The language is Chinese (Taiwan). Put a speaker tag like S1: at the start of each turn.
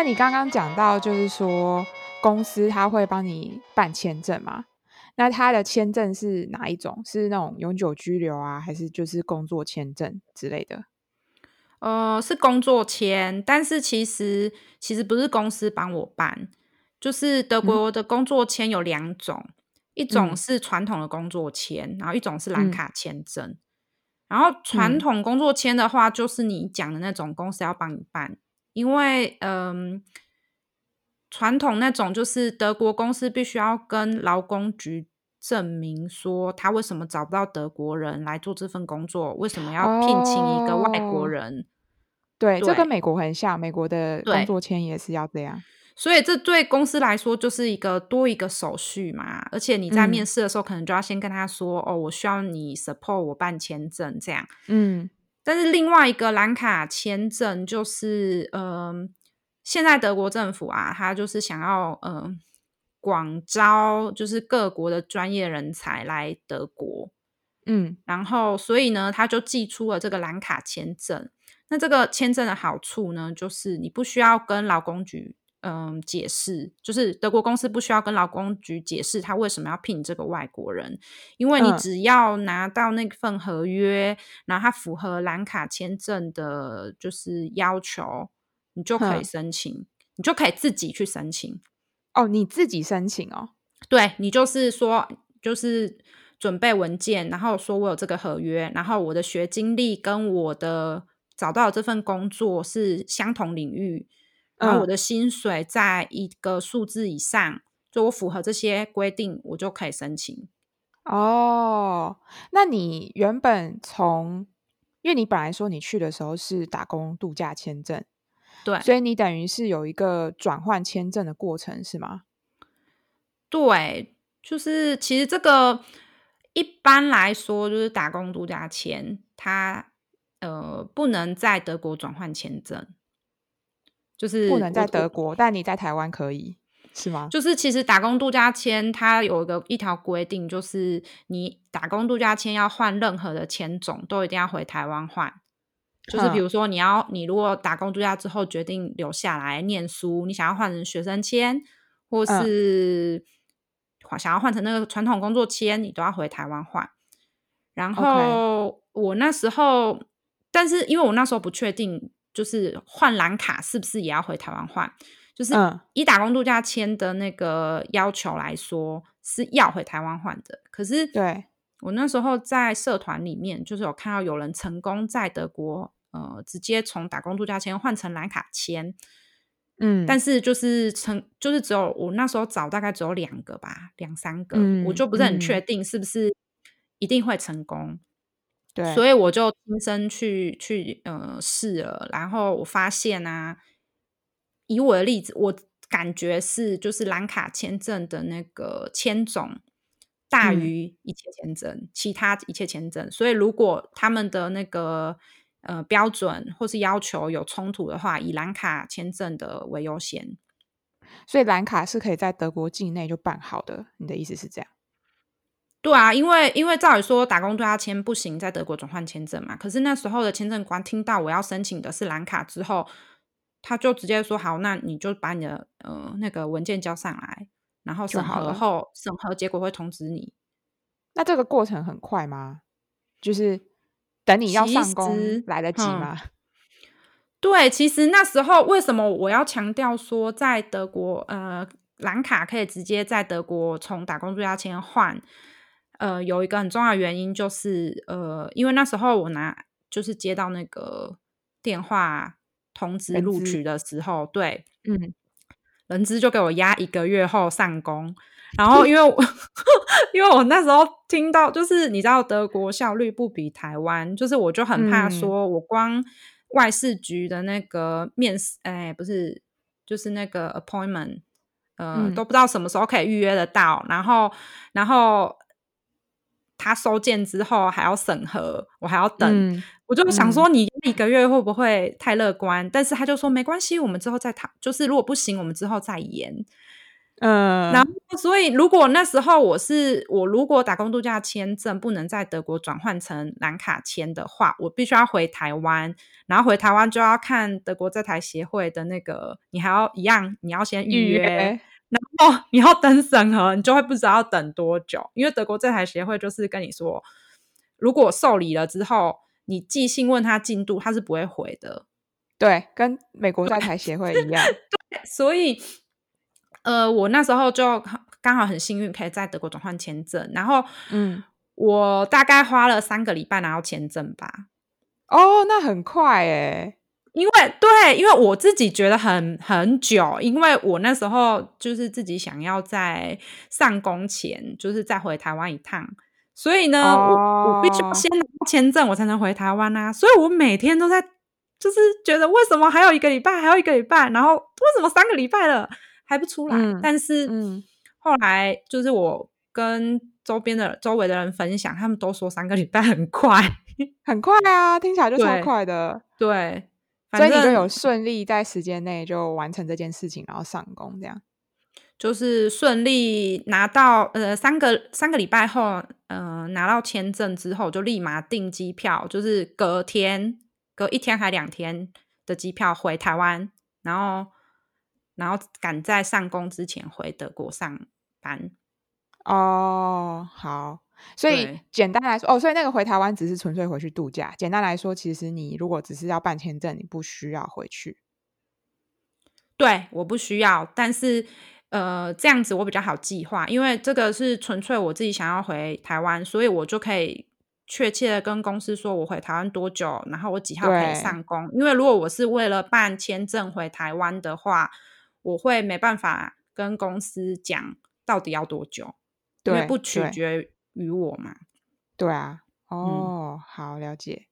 S1: 那你剛剛講到，就是說公司他會幫你辦簽證嗎？那他的簽證是哪一種？是那種永久居留啊，還是就是工作簽證之類的？
S2: 呃，是工作簽，但是其實其實不是公司幫我辦，就是德國的工作簽有兩種，嗯、一種是傳統的工作簽，嗯、然後一種是藍卡簽證。嗯、然後傳統工作簽的話，嗯、就是你講的那種公司要幫你辦。因為，嗯，傳統那種就是德國公司必須要跟勞工局證明說，他為什麼找不到德國人來做這份工作，為什麼
S1: 要聘請一個外國人？哦、對，對，這跟美國很像，美國的工作簽也是要這樣。
S2: 所以，這對公司來說就是一個多一個手續嘛，而且你在面試的時候，可能就要先跟他說：“嗯、哦，我需要你 support 我辦簽證。”這樣，嗯。但是另外一個藍卡簽證就是，嗯、呃，現在德國政府啊，他就是想要嗯、呃，廣招，就是各國的專業人才來德國，嗯，然後所以呢，他就祭出了這個藍卡簽證。那這個簽證的好處呢，就是你不需要跟勞工局。嗯，解釋就是德國公司不需要跟勞工局解釋他為什麼要聘這個外國人，因為你只要拿到那份合約，嗯、然後他符合藍卡簽證的，就是要求，你就可以申請，嗯、你就可以自己去申請。哦，你自己申請哦？對，你就是說，就是準備文件，然後說我有這個合約，然後我的學經歷跟我的找到的這份工作是相同領域。然後我的薪水在一個數字以上，就我符合這些規定，我就可以申請。
S1: 哦，那你原本從，因為你本來說你去的時候是打工度假簽證，
S2: 對，所以
S1: 你等於是有一個轉換簽證的過程，是嗎？對，
S2: 就是其實這個一般來說就是打工度假簽，它呃不能在德國轉換簽證。就是不能在德國，
S1: 我但你在台灣可以，是嗎？就是
S2: 其實打工度假簽它有一個一條規定，就是你打工度假簽要換任何的簽種，都一定要回台灣換。就是比如說，你要，嗯，你如果打工度假之後決定留下來念書，你想要換成學生簽，或是想要換成那個傳統工作簽，你都要回台灣換。然後我那時候，嗯、但是因為我那時候不確定。就是換藍卡是不是也要回台灣換？就是以打工度假簽的那個要求來說，是要回台灣換的。可是，對我那時候在社團裡面，就是有看到有人成功在德國，呃，直接從打工度假簽換成藍卡簽。嗯，
S1: 但
S2: 是就是成，就是只有我那時候找大概只有兩個吧，兩三個，嗯，我就不是很確定是不是一定會成功。對所以我就親身去去呃試了，然後我發現啊，以我的例子，我感覺是就是藍卡簽證的那個簽種大於一切簽證，嗯、其他一切簽證。所以如果他們的那個呃標準或是要求有衝突的話，以藍卡簽證的為優先。所以藍卡是可以在德國境內就辦好的，你的意思是這樣？對啊，因為因為照理說打工度假簽不行，在德國轉換簽證嘛。可是那時候的簽證官聽到我要申請的是藍卡之後，他就直接說：“好，那你就把你的、呃、那個文件交上來，然後審核後審核結果會
S1: 通知你。”那這個過程很快嗎？就是等你要上工來得及嗎？嗯、
S2: 對，其實那時候為什麼我要強調說在德國呃藍卡可以直接在德國從打工度假簽換？呃，有一個很重要的原因就是，呃，因為那時候我拿，就是接到那個電話通知錄取的時候，人資，對，嗯，人資就給我壓一個月後上工，然後因為我 因為我那時候聽到就是你知道德國效率不比台灣，就是我就很怕說，我光外事局的那個面試，哎、嗯，不是，就是那個 appointment，呃，嗯、都不知道什麼時候可以預約得到，然後，然後。他收件之後還要審核，我還要等，嗯、我就想說你一個月會不會太樂觀？嗯、但是他就說沒關係，我們之後再談。就是如果不行，我們之後再延。呃、嗯，然後所以如果那時候我是我如果打工度假簽證不能在德國轉換成藍卡簽的話，我必須要回台灣，然後回台灣就要看德國在台協會的那個，你還要一樣，你要先預約。預約。然後你要等審核，你就會不知道要等多久，因為德國在台協會就是跟你說，如果受理了之後，你寄信問他進度，他是不會回的。對，跟美國在台協會一樣對 對。所以，呃，我那時候就剛好很幸運，可以在德國轉換簽證，然後，
S1: 嗯，
S2: 我大概花了三個禮拜拿到簽證吧。哦，那很快誒。因為對，因為我自己覺得很很久，因為我那時候就是自己想要在上工前，就是再回台灣一趟，所以呢，我、Oh. 我必須要先拿到簽證，我才能回台灣啊。所以，我每天都在就是覺得為什麼還有一個禮拜，還有一個禮拜，然後為什麼三個禮拜了還不出來？嗯、但是後來就是我跟周邊的周圍的人分享，他們都說三個禮拜很快，
S1: 很快啊，聽起來就超快的，對。對反正所以你就有順利在時間內就完成這件事情，然後上工這樣，
S2: 就是順利拿到呃三個三個禮拜後，呃拿到簽證之後就立馬訂機票，就是隔天隔一天還兩天的機票回台灣，然後
S1: 然後趕在上工之前回德國上班。哦，好。所以簡單來說，對哦，所以那個回台灣只是純粹回去度假。簡單來說，其實你如果只是要辦簽證，你不需要回去。
S2: 對，我不需要。但是，呃，這樣子我比較好計劃，因為這個是純粹我自己想要回台灣，所以我就可以確切的跟公司說我回台灣多久，然後我幾號可以上工。對因為如果我是為了辦簽證回台灣的話，我會沒辦法跟公司講到底要多久，對，不取決。
S1: 與我嘛，對啊，哦，嗯、好，了解。